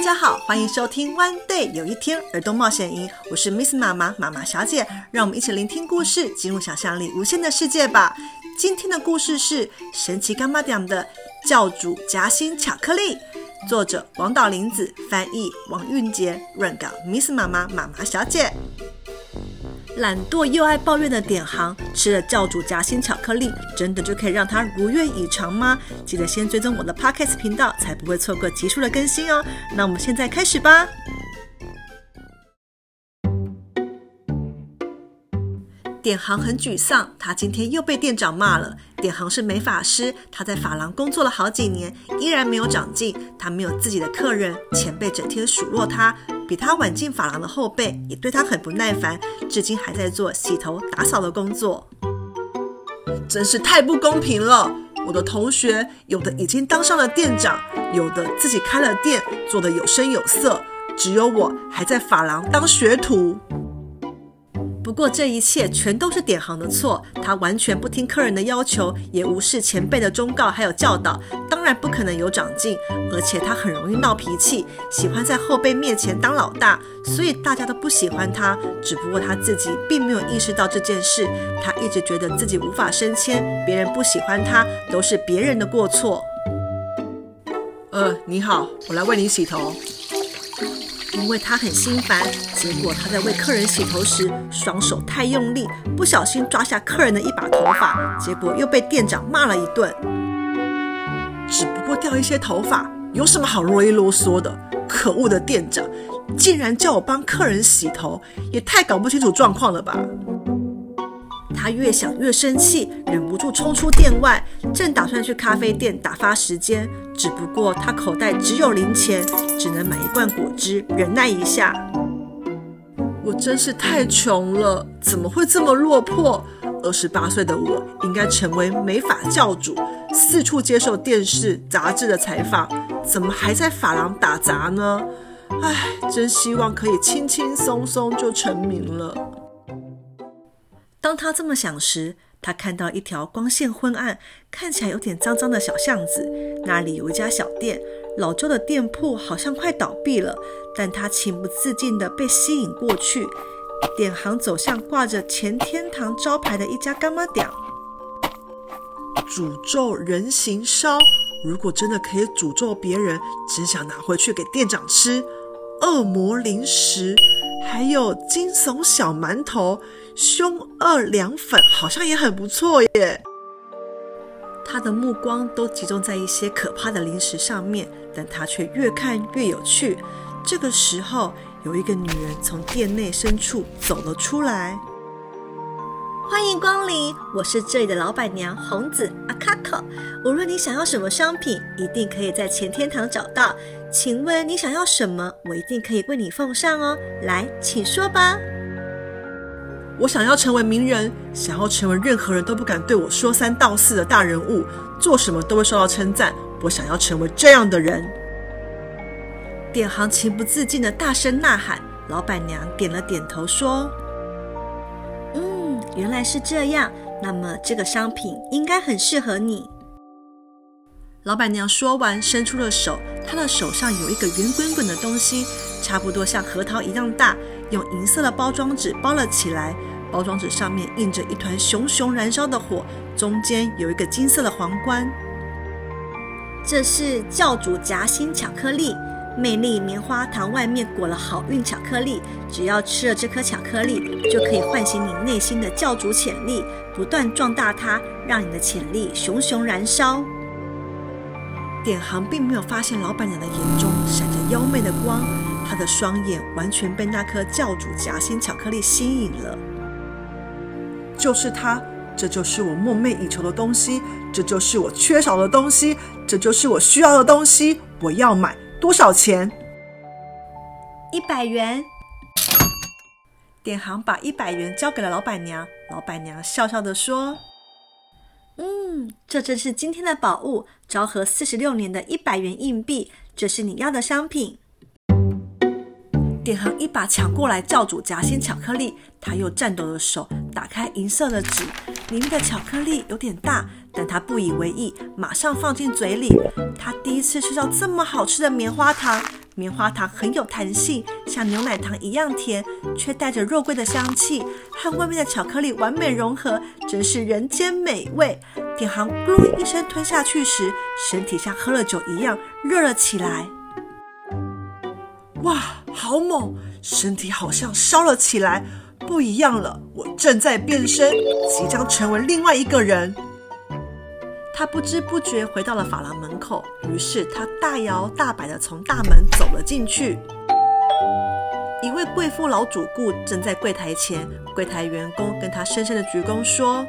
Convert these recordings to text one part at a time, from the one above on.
大家好，歡迎收聽《One Day 有一天耳朵冒險營》，我是 Miss Mama 馬麻小姐，讓我們一起聆聽故事，進入想象力無限的世界吧。今天的故事是《神奇柑仔店的教主夾心巧克力》，作者廣嶋玲子，翻譯王蘊潔，潤稿 Miss Mama 馬麻小姐。懶惰又愛抱怨的典行吃了教主夾心巧克力，真的就可以讓他如願以償嗎？記得先追蹤我的 podcast 頻道，才不會錯過集數的更新哦。那我們現在開始吧。典行很沮喪，他今天又被店長罵了。典行是美髮師，他在髮廊工作了好幾年，依然沒有長進。他沒有自己的客人，前輩整天數落他，比他晚進髮廊的後輩也對他很不耐煩，至今還在做洗頭打掃的工作。真是太不公平了！我的同學有的已經當上了店長，有的自己開了店，做得有聲有色，只有我還在髮廊當學徒。不過這一切全都是典行的錯，他完全不聽客人的要求，也無視前輩的忠告還有教導，當然不可能有長進。而且他很容易鬧脾氣，喜歡在後輩面前當老大，所以大家都不喜歡他。只不過他自己並沒有意識到這件事，他一直覺得自己無法升遷，別人不喜歡他都是別人的過錯。呃，你好，我來為你洗頭。因為他很心煩，結果他在為客人洗頭時，雙手太用力，不小心抓下客人的一把頭髮，結果又被店長罵了一頓。只不過掉一些頭髮，有什麼好囉里囉嗦的？可惡的店長，竟然叫我幫客人洗頭，也太搞不清楚狀況了吧！他越想越生氣，忍不住衝出店外，正打算去咖啡店打发時間，只不過他口袋只有零錢。只能買一罐果汁，忍耐一下。我真是太窮了，怎麼會這麼落魄？二十八歲的我應該成為美髮教主，四處接受電視、雜誌的採訪，怎麼還在髮廊打雜呢？唉，真希望可以輕輕鬆鬆就成名了。當他這麼想時，他看到一條光線昏暗、看起來有點髒髒的小巷子，那裡有一家小店。老周的店鋪好像快倒閉了，但他情不自禁地被吸引過去，典行走向掛着“錢天堂”招牌的一家柑仔店。詛咒人形燒，如果真的可以詛咒別人，只想拿回去給店長吃。惡魔零食，還有驚悚小饅頭、兇惡涼粉，好像也很不錯耶。他的目光都集中在一些可怕的零食上面，但他卻越看越有趣。這個時候，有一個女人從店內深處走了出來。歡迎光臨，我是這裡的老闆娘紅子阿卡可。無論你想要什麼商品，一定可以在錢天堂找到。請問你想要什麼？我一定可以為你奉上哦。來，請說吧。我想要成為名人，想要成為任何人都不敢對我說三道四的大人物，做什麼都會受到稱讚。我想要成為這樣的人。典行情不自禁的大聲吶喊，老闆娘點了點頭說：“嗯，原來是這樣。那麼這個商品應該很適合你。”老闆娘說完，伸出了手，她的手上有一個圓滾滾的東西，差不多像核桃一樣大，用銀色的包裝紙包了起來。包裝紙上面印着一團熊熊燃燒的火，中間有一個金色的皇冠。這是教主夾心巧克力，魅力棉花糖外面裹了好運巧克力。只要吃了這顆巧克力，就可以喚醒你內心的教主潛力，不斷壯大它，讓你的潛力熊熊燃燒。典行並沒有發現老闆娘的眼中閃着妖媚的光，她的雙眼完全被那顆教主夾心巧克力吸引了。就是它，這就是我夢寐以求的東西，這就是我缺少的東西，這就是我需要的東西，我要買，多少錢？一百元。典行把一百元交給了老闆娘，老闆娘笑笑的說：“嗯，這正是今天的寶物，昭和四十六年的一百元硬幣，這是你要的商品。”典行一把搶過來，教主夾心巧克力，他又顫抖的手。打開銀色的紙，裡面的巧克力有點大，但他不以為意，馬上放進嘴裡。他第一次吃到這麼好吃的棉花糖，棉花糖很有彈性，像牛奶糖一樣甜，卻帶着肉桂的香氣，和外面的巧克力完美融合，真是人間美味。典行咕嚕一聲吞下去時，身體像喝了酒一樣熱了起來。哇，好猛！身體好像燒了起來。不一樣了，我正在變身，即將成為另外一個人。他不知不覺回到了髮廊門口，於是他大搖大擺地從大門走了進去。一位貴婦老主顧正在櫃檯前，櫃檯員工跟他深深地鞠躬說：“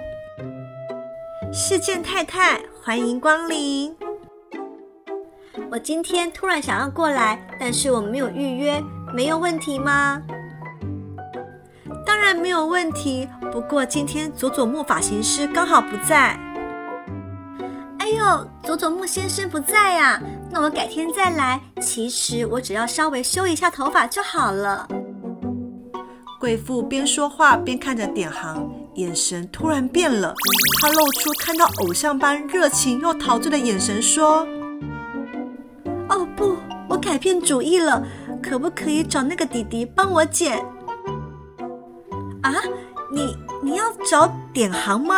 世見太太，歡迎光臨。我今天突然想要過來，但是我沒有預約，沒有問題嗎？”當然沒有問題，不過今天佐佐木髮型師剛好不在。哎呦，佐佐木先生不在呀、啊，那我改天再來。其實我只要稍微修一下頭髮就好了。貴婦邊說話邊看着典行，眼神突然變了，她露出看到偶像般熱情又陶醉的眼神，說：“哦不，我改變主意了，可不可以找那個弟弟幫我剪？”啊，你你要找典行嗎？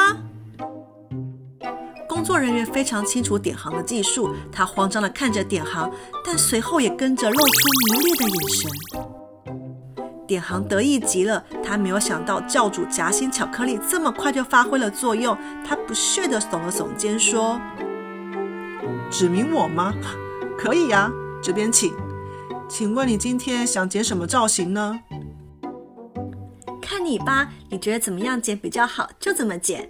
工作人員非常清楚典行的技術，他慌張的看着典行，但隨後也跟着露出迷戀的眼神。典行得意極了，他沒有想到教主夾心巧克力這麼快就發揮了作用，他不屑的聳了聳肩說：“指名我嗎？可以呀、啊，這邊請。請問你今天想剪什麼造型呢？”看你吧，你覺得怎麼樣剪比較好，就怎麼剪。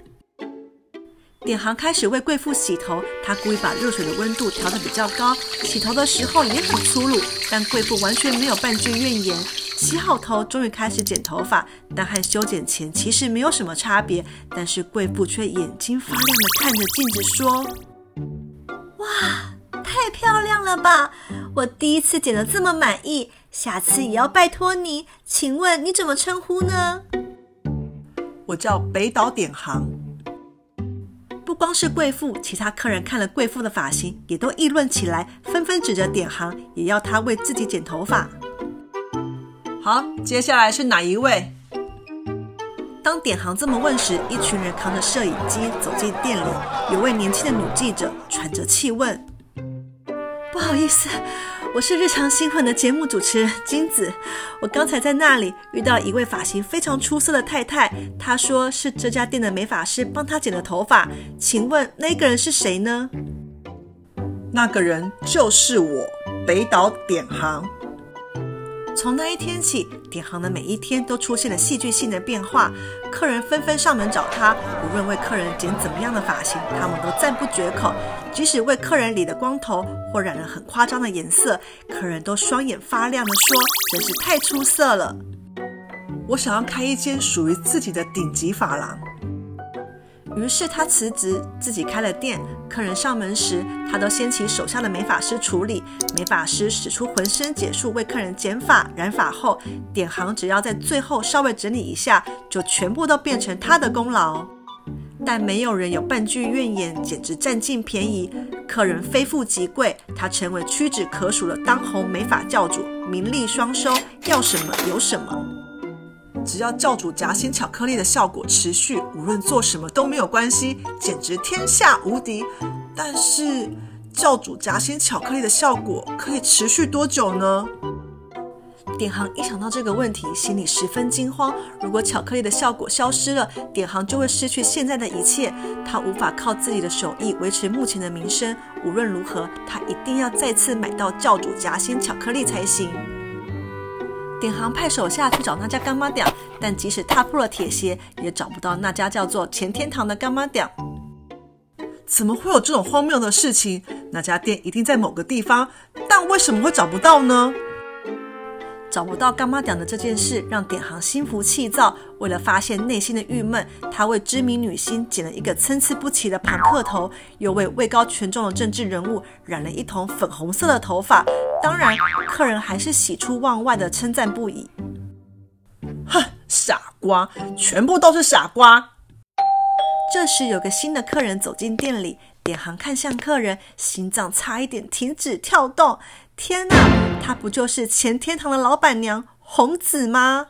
典行開始為貴婦洗頭，他故意把熱水的溫度調得比較高，洗頭的時候也很粗魯，但貴婦完全沒有半句怨言。洗好頭，終於開始剪頭髮，但和修剪前其實沒有什麼差別。但是貴婦卻眼睛發亮地看着鏡子說：“哇，太漂亮了吧！我第一次剪得這麼滿意。”下次也要拜託你，請問你怎麼稱呼呢？我叫北島典行。不光是貴婦，其他客人看了貴婦的髮型，也都議論起來，紛紛指着典行，也要他為自己剪頭髮。好，接下來是哪一位？當典行這麼問時，一群人扛着攝影機走進店裡，有位年輕的女記者喘着氣問：“不好意思。”我是日常新婚的節目主持人金子，我剛才在那裡遇到一位髮型非常出色的太太，她說是這家店的美髮師幫她剪的頭髮，請問那個人是誰呢？那個人就是我，北島典行。從那一天起。典行的每一天都出現了戲劇性的變化，客人紛紛上門找他，無論為客人剪怎麼樣的髮型，他們都讚不絕口。即使為客人理的光頭或染了很誇張的顏色，客人都雙眼發亮的說：“真是太出色了！我想要開一間屬於自己的頂級髮廊。”於是他辭職，自己開了店。客人上門時，他都先請手下的美髮師處理。美髮師使出渾身解數為客人剪髮、染髮後，典行只要在最後稍微整理一下，就全部都變成他的功勞。但沒有人有半句怨言，簡直佔盡便宜。客人非富即貴，他成為屈指可數的當紅美髮教主，名利雙收，要什麼有什麼。只要教主夾心巧克力的效果持續，無論做什麼都沒有關係，簡直天下無敵。但是，教主夾心巧克力的效果可以持續多久呢？典行一想到這個問題，心裡十分驚慌。如果巧克力的效果消失了，典行就會失去現在的一切。他無法靠自己的手藝維持目前的名聲。無論如何，他一定要再次買到教主夾心巧克力才行。典行派手下去找那家柑仔店，但即使踏破了鐵鞋，也找不到那家叫做“錢天堂”的柑仔店。怎麼會有這種荒謬的事情？那家店一定在某個地方，但為什麼會找不到呢？找不到柑仔店的這件事讓典行心浮氣躁。為了發洩內心的鬱悶，他為知名女星剪了一個參差不齊的龐克頭，又為位，位高權重的政治人物染了一頭粉紅色的頭髮。當然，客人還是喜出望外的稱讚不已。哼，傻瓜，全部都是傻瓜。這時，有個新的客人走進店裡，典行看向客人，心臟差一點停止跳動。天哪，她不就是錢天堂的老板娘紅子嗎？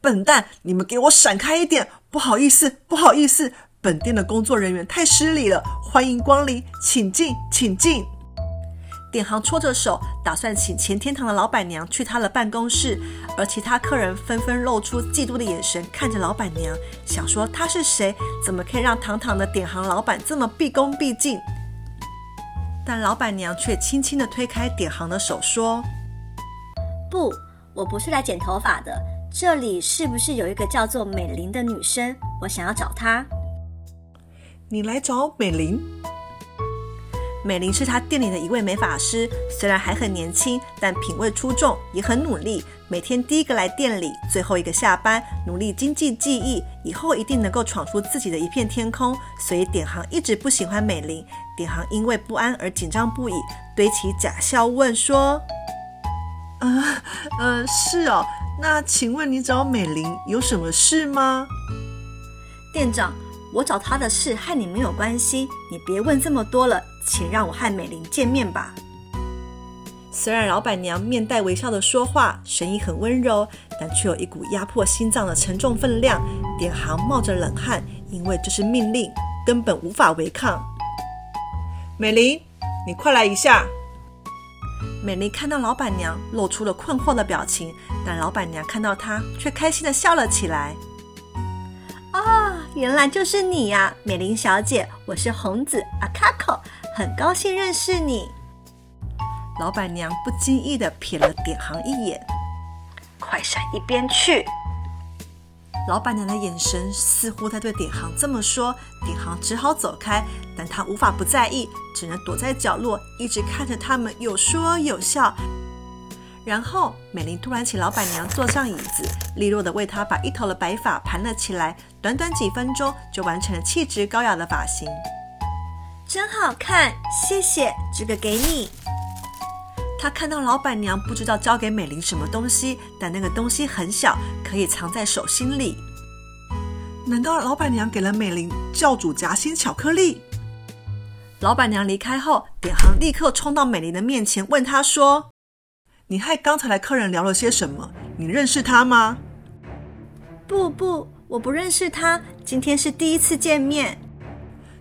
笨蛋，你們給我閃開一點！不好意思，不好意思，本店的工作人員太失禮了。歡迎光臨，請進，請進。典行搓着手，打算請錢天堂的老闆娘去他的辦公室，而其他客人紛紛露出嫉妒的眼神看着老闆娘，想說她是誰，怎麼可以讓堂堂的典行老闆這麼畢恭畢敬？但老闆娘卻輕輕的推開典行的手，說：“不，我不是來剪頭髮的。這裡是不是有一個叫做美玲的女生？我想要找她。你來找美玲。”美玲是他店裡的一位美髮師，雖然還很年輕，但品味出眾，也很努力。每天第一個來店裡，最後一個下班，努力精進技藝，以後一定能夠闖出自己的一片天空。所以典行一直不喜歡美玲。典行因為不安而緊張不已，堆起假笑問說：“啊、呃，嗯、呃，是哦。那請問你找美玲有什麼事嗎？”店長，我找她的事和你沒有關係，你別問這麼多了。請讓我和美玲見面吧。雖然老闆娘面帶微笑的說話，聲音很溫柔，但卻有一股壓迫心臟的沉重分量。典行冒着冷汗，因為這是命令，根本無法違抗。美玲，你快來一下。美玲看到老闆娘露出了困惑的表情，但老闆娘看到她卻開心的笑了起來。啊、哦，原來就是你呀、啊，美玲小姐，我是紅子阿卡口。很高興認識你。老闆娘不經意地瞥了典行一眼，快閃一邊去！老闆娘的眼神似乎在對典行這麼說，典行只好走開。但他無法不在意，只能躲在角落，一直看着他們有說有笑。然後，美玲突然請老闆娘坐上椅子，利落地為她把一頭的白髮盤了起來。短短幾分鐘就完成了氣質高雅的髮型。真好看，謝謝，這個給你。他看到老闆娘不知道交給美玲什麼東西，但那個東西很小，可以藏在手心裡。難道老闆娘給了美玲教主夾心巧克力？老闆娘離開後，典行立刻衝到美玲的面前，問她說：“你和剛才來客人聊了些什麼？你認識他嗎？”“不不，我不認識他，今天是第一次見面。”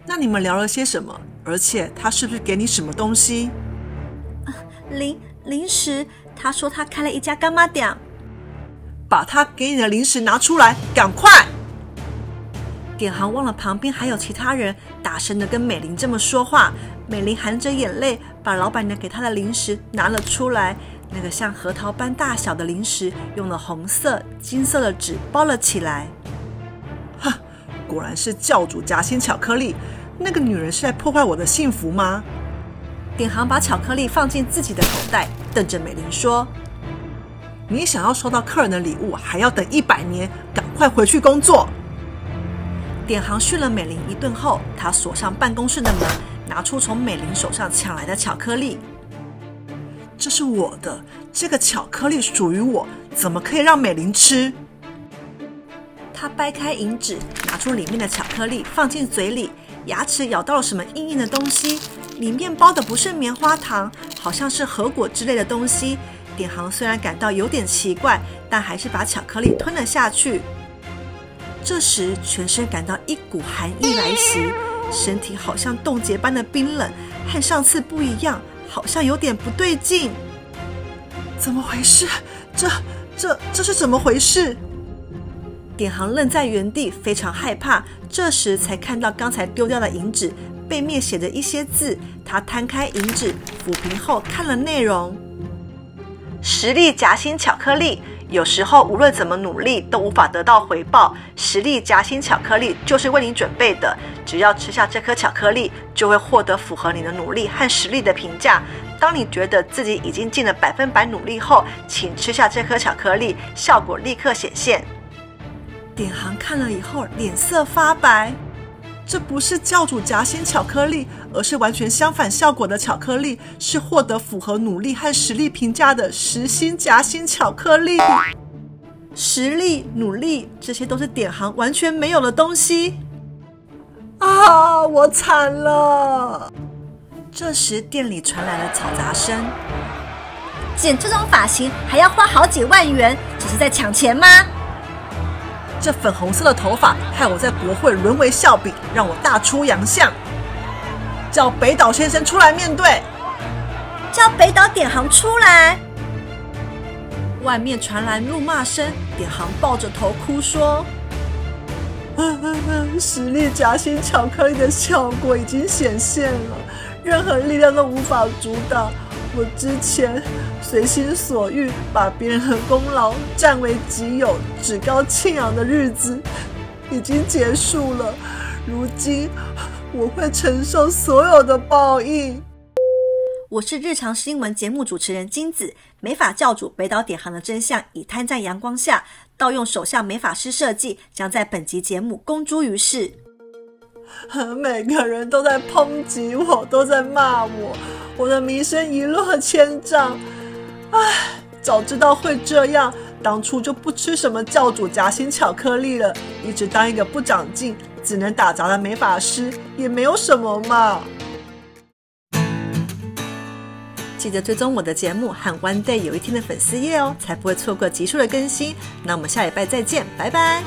那你們聊了些什麼？而且他是不是給你什麼東西？呃、零零食，他說他開了一家柑仔店。把他給你的零食拿出來，趕快！典行忘了旁邊還有其他人，大聲的跟美玲這麼說話。美玲含着眼淚把老闆娘給她的零食拿了出來，那個像核桃般大小的零食，用了紅色、金色的紙包了起來。哼，果然是教主夾心巧克力。那個女人是在破壞我的幸福嗎？典行把巧克力放進自己的口袋，瞪着美玲說：“你想要收到客人的禮物，還要等一百年，趕快回去工作。”典行訓了美玲一頓後，他鎖上辦公室的門，拿出從美玲手上搶來的巧克力。這是我的，這個巧克力屬於我，怎麼可以讓美玲吃？他掰開銀紙，拿出裡面的巧克力，放進嘴裡。牙齒咬到了什麼硬硬的東西，裡面包的不是棉花糖，好像是核果之類的東西。典行雖然感到有點奇怪，但還是把巧克力吞了下去。這時全身感到一股寒意來襲，身體好像凍結般的冰冷，和上次不一樣，好像有點不對勁。怎麼回事？這、這、這是怎麼回事？典行愣在原地，非常害怕。這時才看到剛才丟掉的銀紙，背面寫着一些字。他攤開銀紙，撫平後看了內容：實力夾心巧克力。有時候無論怎麼努力都無法得到回報，實力夾心巧克力就是為你準備的。只要吃下這顆巧克力，就會獲得符合你的努力和實力的評價。當你覺得自己已經盡了百分百努力後，請吃下這顆巧克力，效果立刻顯現。典行看了以後臉色發白，這不是教主夾心巧克力，而是完全相反效果的巧克力，是獲得符合努力和實力評價的實心夾心巧克力。實力、努力，這些都是典行完全沒有的東西。啊，我慘了！這時店裡傳來了嘈雜聲，剪這種髮型還要花好幾萬元，只是在搶錢嗎？這粉紅色的頭髮害我在國會淪為笑柄，讓我大出洋相！叫北島先生出來面對，叫北島典行出來！外面傳來怒罵聲，典行抱着頭哭說：“嗯嗯嗯，實力夾心巧克力的效果已經顯現了，任何力量都無法阻擋。”我之前隨心所欲，把別人的功勞占為己有，趾高氣揚的日子已經結束了。如今我會承受所有的報應。我是日常新聞節目主持人金子，美髮教主北島典行的真相已攤在陽光下，盜用手下美髮師設計，將在本集節目公諸於世。而每個人都在抨擊我，都在罵我。我的名聲一落千丈，唉，早知道會這樣，當初就不吃什麼教主夾心巧克力了，一直當一個不長進、只能打雜的美髮師也沒有什麼嘛。記得追蹤我的節目和 One Day 有一天的粉絲頁哦，才不會錯過集數的更新。那我們下禮拜再見，拜拜。